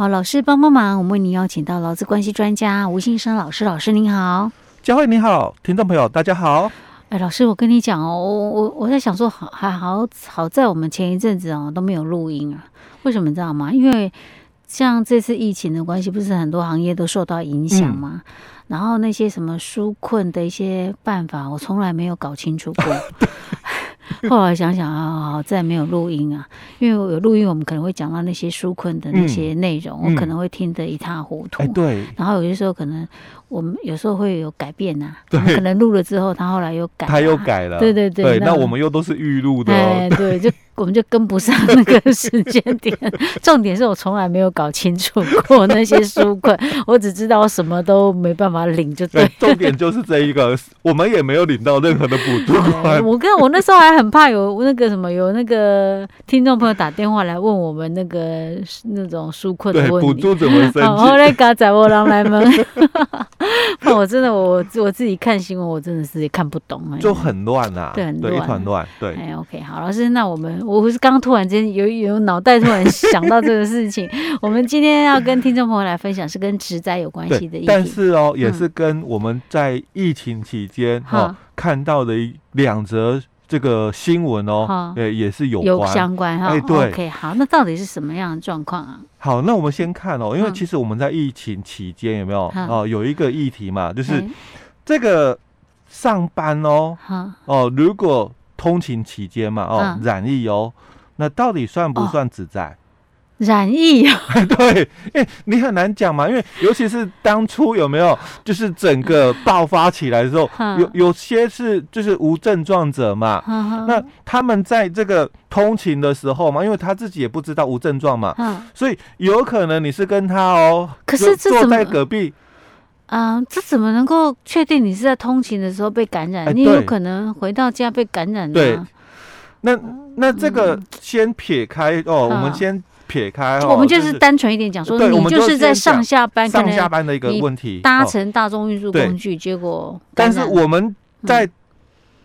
好，老師幫幫忙，我們為您邀請到勞資關係專家吳信昇老師。老師您好，佳慧你好，聽眾朋友大家好。哎、欸，老師，我跟你講哦，我我我在想說，好還好好在我們前一陣子哦都沒有錄音啊，為什麼你知道嗎？因為像這次疫情的關係，不是很多行業都受到影響嗎？嗯、然後那些什麼紓困的一些辦法，我從來沒有搞清楚過。 後來想想啊、哦，再沒有錄音啊，因為我有錄音，我們可能會講到那些紓困的那些內容，嗯嗯、我可能會聽得一塌糊塗、欸。對。然後有些時候可能我們有時候會有改變吶、啊，對可能錄了之後他後來又改、啊，他又改了。對對對，對那，那我們又都是預錄的、啊。對，就。 我們就跟不上那個時間點， 重點是我從來沒有搞清楚過那些紓困。 我只知道我什麼都沒辦法領，就對、欸。重點就是這一個， 我們也沒有領到任何的補助、哦、我跟我那時候還很怕有那個什麼，有那個聽眾朋友打電話來問我們那個那種紓困，對補助怎麼升級？我來噶仔我啷來那我真的我我自己看新聞，我真的是看不懂哎，就很亂吶、啊，對，一團亂。對，哎，OK，好，老師，那我們。我是剛突然間有有腦袋突然想到這個事情， 我們今天要跟聽眾朋友來分享是跟職災有關係的議題，但是哦也是跟我們在疫情期間、嗯、哦看到的兩則這個新聞哦，呃、哦欸、也是有關有相關哈、哦欸，對可以。Okay, 好，那到底是什麼樣的狀況啊？好，那我們先看哦，因為其實我們在疫情期間有沒有、嗯、哦有一個議題嘛，就是這個上班哦，嗯、哦如果。通勤期間嘛，哦，嗯、染疫哦，那到底算不算自在、哦、染疫、啊？ 對，哎，你很難講嘛，因為尤其是當初有沒有，就是整個爆發起來之後，嗯、有有些是就是無症狀者嘛，嗯嗯、那他們在這個通勤的時候嘛，因為他自己也不知道無症狀嘛，嗯、所以有可能你是跟他哦，可是坐在隔壁。啊，這怎麼能夠確定你是在通勤的時候被感染？欸、你有可能回到家被感染的。對。那那這個先撇開、嗯、哦，我們先撇開，啊嗯、我們就是單純一點講說，對你就是在上下班上下班的一個問題，搭乘大眾運輸工具，哦、結果。但是我們在、嗯。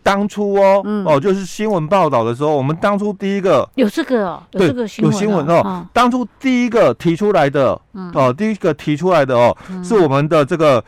當初哦，嗯、哦，就是新聞報道的時候，我們當初第一個有這個哦，有這個新聞、啊、哦。哦當初第一個提出來的、嗯、哦，第一個提出來的哦，嗯、是我們的這個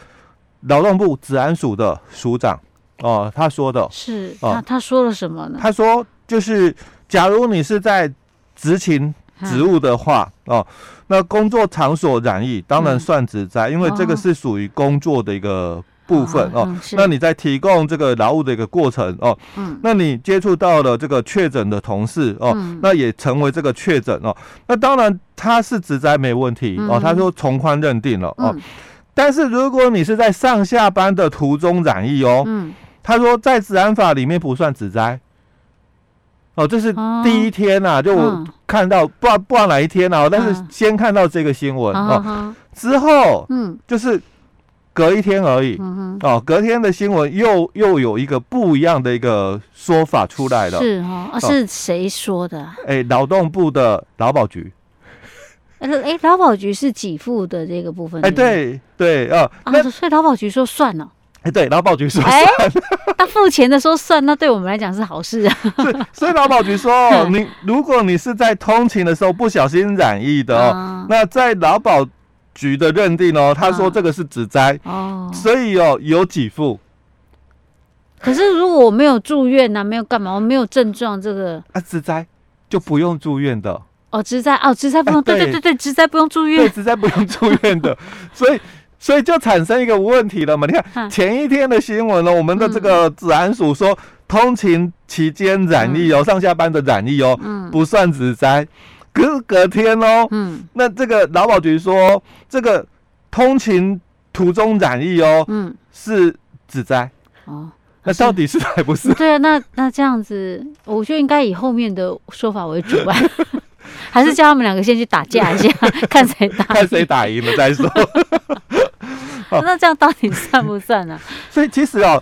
勞動部職安署的署長哦，他說的是啊，他，哦、他說了什麼呢？他說就是，假如，你是在執行職務的話、啊、哦，那工作場所染疫當然算職災，嗯、因為這個是屬於工作的一個。部分哦，那你在提供這個勞務的一個過程哦，那你接觸到了這個確診的同事哦，那也成為這個確診哦，那當然他是職災沒問題哦，他說從寬認定了哦，但是如果你是在上下班的途中染疫哦，他說在職安法裡面不算職災哦，這是第一天吶，就我看到不不管哪一天啊，但是先看到這個新聞哦，之後嗯就是。隔一天而已哦，隔天的新聞又又有一個不一樣的一個說法出來了。是哦，是誰說的？哎，勞動部的勞保局。哎，勞保局是給付的這個部分。哎，對對啊，那所以勞保局說算了。哎，對，勞保局說算了。他付錢的時候，算，那對我們來講是好事啊。所以勞保局說，你如果你是在通勤的時候不小心染疫的哦，那在勞保。局的認定哦，他說這個是職災，啊哦、所以哦有給付。可是如果我沒有住院那、啊、沒有幹嘛，我沒有症狀，這個啊職災就不用住院的哦，職災哦，職災不用，哎、對，對對對職災不用住院，對，職災不用住院的。 所以所以就產生一個問題了嘛，你看、啊、前一天的新聞呢，我們的這個職安署說，嗯、通勤期間染疫哦，嗯、上下班的染疫哦，嗯、不算職災。隔天哦，嗯，那這個勞保局說這個通勤途中染疫哦，嗯，是職災哦，那到底是還不是？對啊，那那這樣子，我就應該以後面的說法為主吧，還是叫他們兩個先去打架一下，看誰打，看誰打贏了再說。那這樣到底算不算呢？所以其實哦，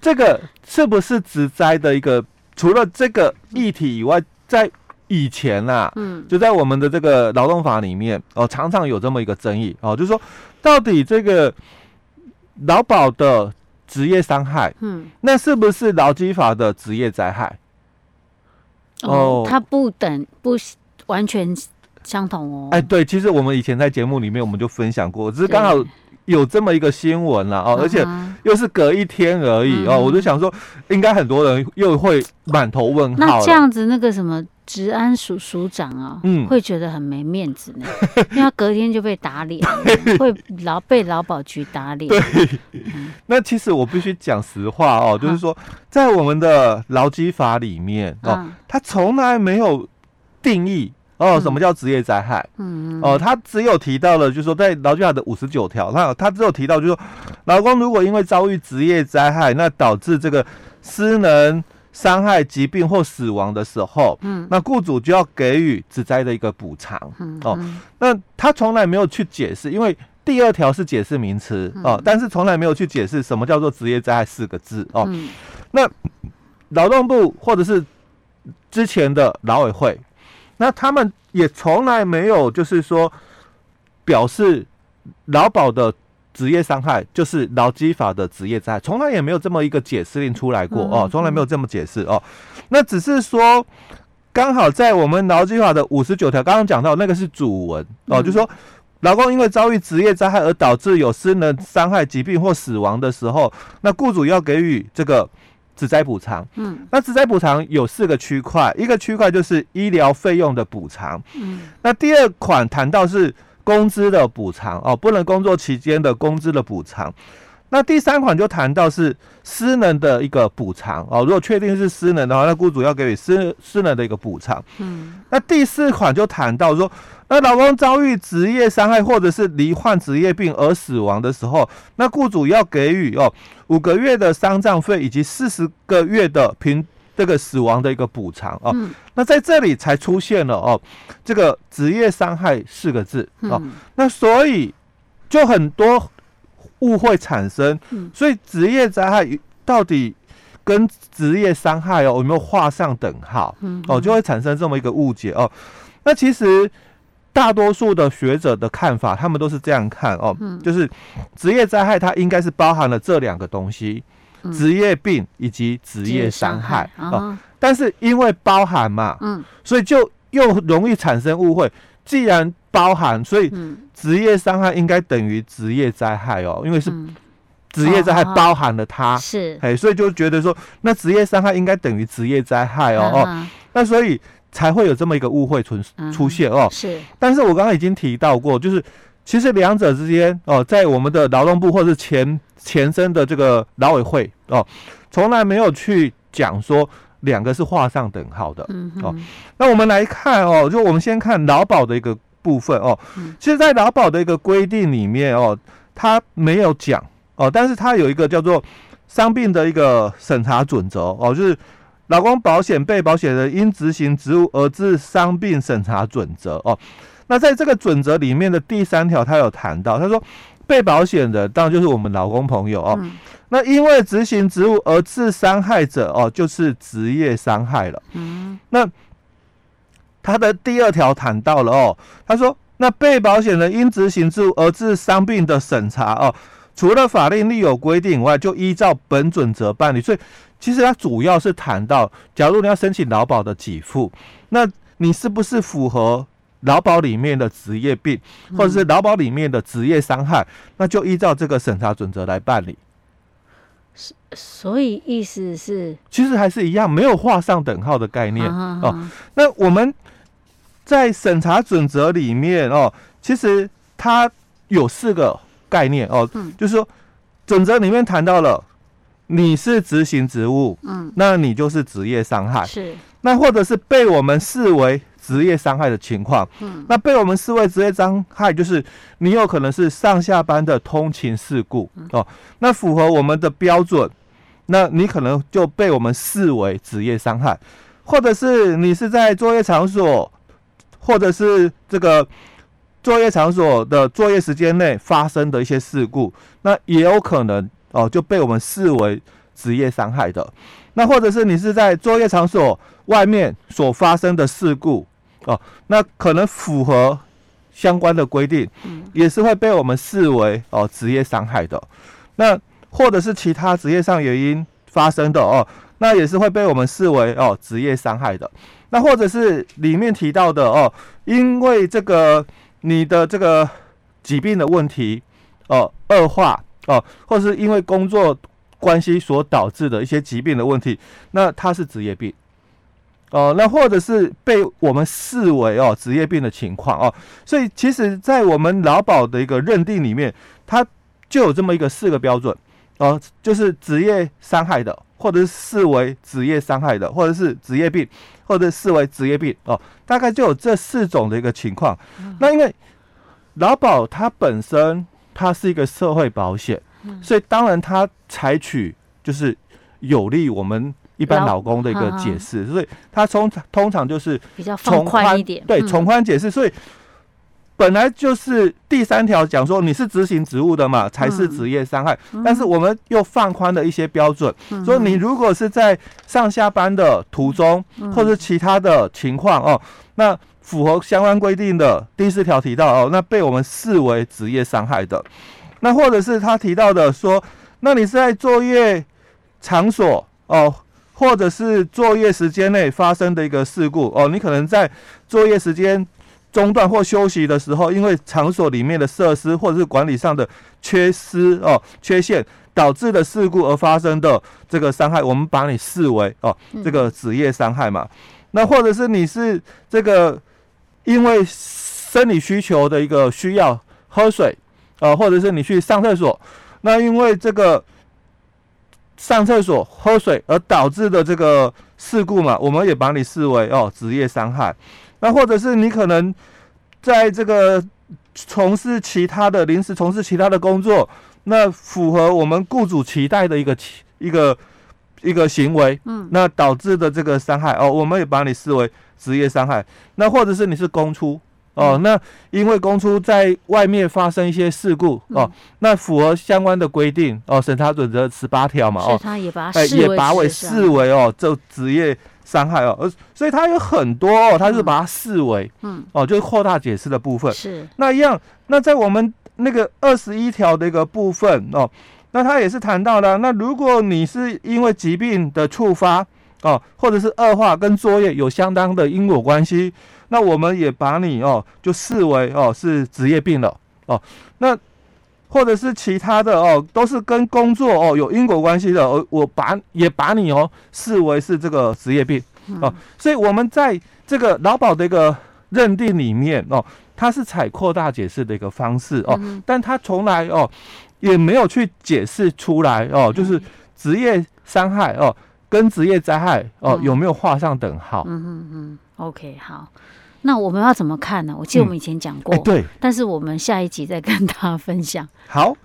這個是不是職災的一個，除了這個議題以外，在。以前吶、啊，嗯，就在我們的這個勞動法裡面哦，常常有這麼一個爭議哦，就是說，到底這個勞保的職業傷害，嗯，那是不是勞基法的職業災害？嗯、哦，它不等不完全相同哦。哎，對，其實我們以前在節目裡面我們就分享過，對只是剛好有這麼一個新聞了、啊、哦，啊、哈而且又是隔一天而已、嗯、哦，我就想說，應該很多人又會滿頭問號。那這樣子那個什麼？治安署署長啊、哦，嗯、會覺得很沒面子呢， 因為他隔天就被打臉，對會老被勞保局打臉。對嗯、那其實我必須講實話哦，啊、就是說，在我們的勞基法裡面、啊、哦，他從來沒有定義哦、嗯、什麼叫職業災害。嗯哦，他只有提到了，就是說在勞基法的五十九條，那他只有提到，就是說，勞工如果因為遭遇職業災害，那導致這個失能。傷害、疾病或死亡的時候，嗯，那雇主就要給予職災的一個補償，嗯嗯、哦，那他從來沒有去解釋，因為第二條是解釋名詞、嗯、哦，但是從來沒有去解釋什麼叫做職業災害四個字哦，嗯、那勞動部或者是之前的勞委會，那他們也從來沒有就是說表示勞保的。職業傷害就是勞基法的職業災害，從來也沒有這麼一個解釋令出來過、嗯、哦，從來沒有這麼解釋哦。那只是說，剛好在我們勞基法的五十九條，剛剛講到那個是主文哦，嗯、就是說，勞工因為遭遇職業災害而導致有失能傷害、疾病或死亡的時候，那雇主要給予這個職災補償。嗯，那職災補償有四個區塊，一個區塊就是醫療費用的補償。嗯，那第二款談到是。工資的補償哦，不能工作期間的工資的補償。那第三款就談到是失能的一個補償哦，如果確定是失能的話，那雇主要給予失失能的一個補償。嗯，那第四款就談到說，那勞工遭遇職業傷害或者是罹患職業病而死亡的時候，那雇主要給予哦五個月的喪葬費以及四十個月的平。這個死亡的一個補償哦，嗯、那在這裡才出現了哦，這個職業傷害四個字哦。嗯、那所以就很多誤會產生，所以職業災害到底跟職業傷害哦有沒有畫上等號？哦，就會產生這麼一個誤解哦。那其實大多數的學者的看法，他們都是這樣看哦，就是職業災害它應該是包含了這兩個東西。職業病以及職業傷害，職業傷害、哦、但是因為包含嘛，嗯，所以就又容易產生誤會。既然包含，所以職業傷害應該等於職業災害哦，嗯、因為是職業災害包含了它，嗯、嘿是，所以就覺得說，那職業傷害應該等於職業災害哦，嗯、哦，那所以才會有這麼一個誤會存、嗯、出現哦。是，但是我剛剛已經提到過，就是。其實兩者之間哦，在我們的勞動部或者前前身的這個勞委會哦，從來沒有去講說兩個是畫上等號的、嗯、哼哦。那我們來看哦，就我們先看勞保的一個部分哦。嗯、其實，在勞保的一個規定裡面哦，它沒有講哦，但是它有一個叫做傷病的一個審查準則哦，就是勞工保險被保險的人因執行職務而致傷病審查準則哦。那在這個準則裡面的第三條，他有談到，他說被保險人當然就是我們勞工朋友哦。那因為執行職務而致傷害者哦，就是職業傷害了。嗯，那他的第二條談到了哦，他說那被保險人因執行職務而致傷病的審查哦，除了法令另有規定以外，就依照本準則辦理。所以其實他主要是談到，假如你要申請勞保的給付，那你是不是符合？勞保裡面的職業病，或者是勞保裡面的職業傷害，嗯、那就依照這個審查準則來辦理。是，所以意思是，其實還是一樣，沒有畫上等號的概念、啊、呵呵哦。那我們在審查準則裡面哦，其實它有四個概念哦，嗯、就是說準則裡面談到了你是執行職務，嗯，那你就是職業傷害，是，那或者是被我們視為。職業傷害的情況，那被我們視為職業傷害，就是你有可能是上下班的通勤事故哦、啊。那符合我們的標準，那你可能就被我們視為職業傷害，或者是你是在作業場所，或者是這個作業場所的作業時間內發生的一些事故，那也有可能哦、啊，就被我們視為職業傷害的。那或者是你是在作業場所外面所發生的事故。哦，那可能符合相關的規定，也是會被我們視為哦職業傷害的。那或者是其他職業上原因發生的哦，那也是會被我們視為哦職業傷害的。那或者是裡面提到的哦，因為這個你的這個疾病的問題哦惡化哦，或者是因為工作關係所導致的一些疾病的問題，那它是職業病。哦、呃，那或者是被我們視為哦職業病的情況哦，所以其實，在我們勞保的一個認定裡面，它就有這麼一個四個標準哦、呃，就是職業傷害的，或者是視為職業傷害的，或者是職業病，或者是視為職業病哦、呃，大概就有這四種的一個情況。嗯、那因為勞保它本身它是一個社會保險，所以當然它採取就是有利於我們。一般老公的一個解釋，呵呵，所以他通常通常就是比較放寬一點，對，從寬解釋。嗯、所以本來就是第三條講說你是執行職務的嘛，才是職業傷害。嗯、但是我們又放寬了一些標準，所以、嗯、你如果是在上下班的途中、嗯、或者其他的情況哦，嗯、那符合相關規定的第四條提到哦，那被我們視為職業傷害的，那或者是他提到的說，那你是在作業場所哦。或者是作業時間內發生的一個事故哦，你可能在作業時間中斷或休息的時候，因為場所裡面的設施或者是管理上的缺失哦、缺陷導致的事故而發生的這個傷害，我們把你視為哦這個職業傷害嘛。那或者是你是這個因為生理需求的一個需要喝水啊、哦，或者是你去上廁所，那因為這個。上廁所、喝水而導致的這個事故嘛，我們也把你視為哦職業傷害。那或者是你可能在這個從事其他的臨時從事其他的工作，那符合我們雇主期待的一個一個一個，一個行為，嗯，那導致的這個傷害哦，我們也把你視為職業傷害。那或者是你是公出。哦，那因為公出在外面發生一些事故、嗯、哦，那符合相關的規定哦，審查准則十八條嘛哦，他也把它哎、啊、也把為視為、啊、哦，就職業傷害哦，所以他有很多，哦，他是把它視為嗯哦，就擴大解釋的部分是、嗯、那一樣，那在我們那個二十一條的一個部分哦，那他也是談到的，那如果你是因為疾病的觸發。哦、啊，或者是惡化跟作業有相當的因果關係，那我們也把你哦就視為哦是職業病了哦。那或者是其他的哦，都是跟工作哦有因果關係的、哦，我把也把你哦視為是這個職業病哦、嗯啊。所以，我們在這個勞保的一個認定裡面哦，它是採擴大解釋的一個方式哦，嗯、但它從來哦也沒有去解釋出來哦，嗯、就是職業傷害哦。跟職業災害哦，呃嗯、有沒有畫上等號？嗯嗯嗯，OK，好，那我們要怎麼看呢？我記得我們以前講過、嗯欸，對，但是我們下一集再跟大家分享。好。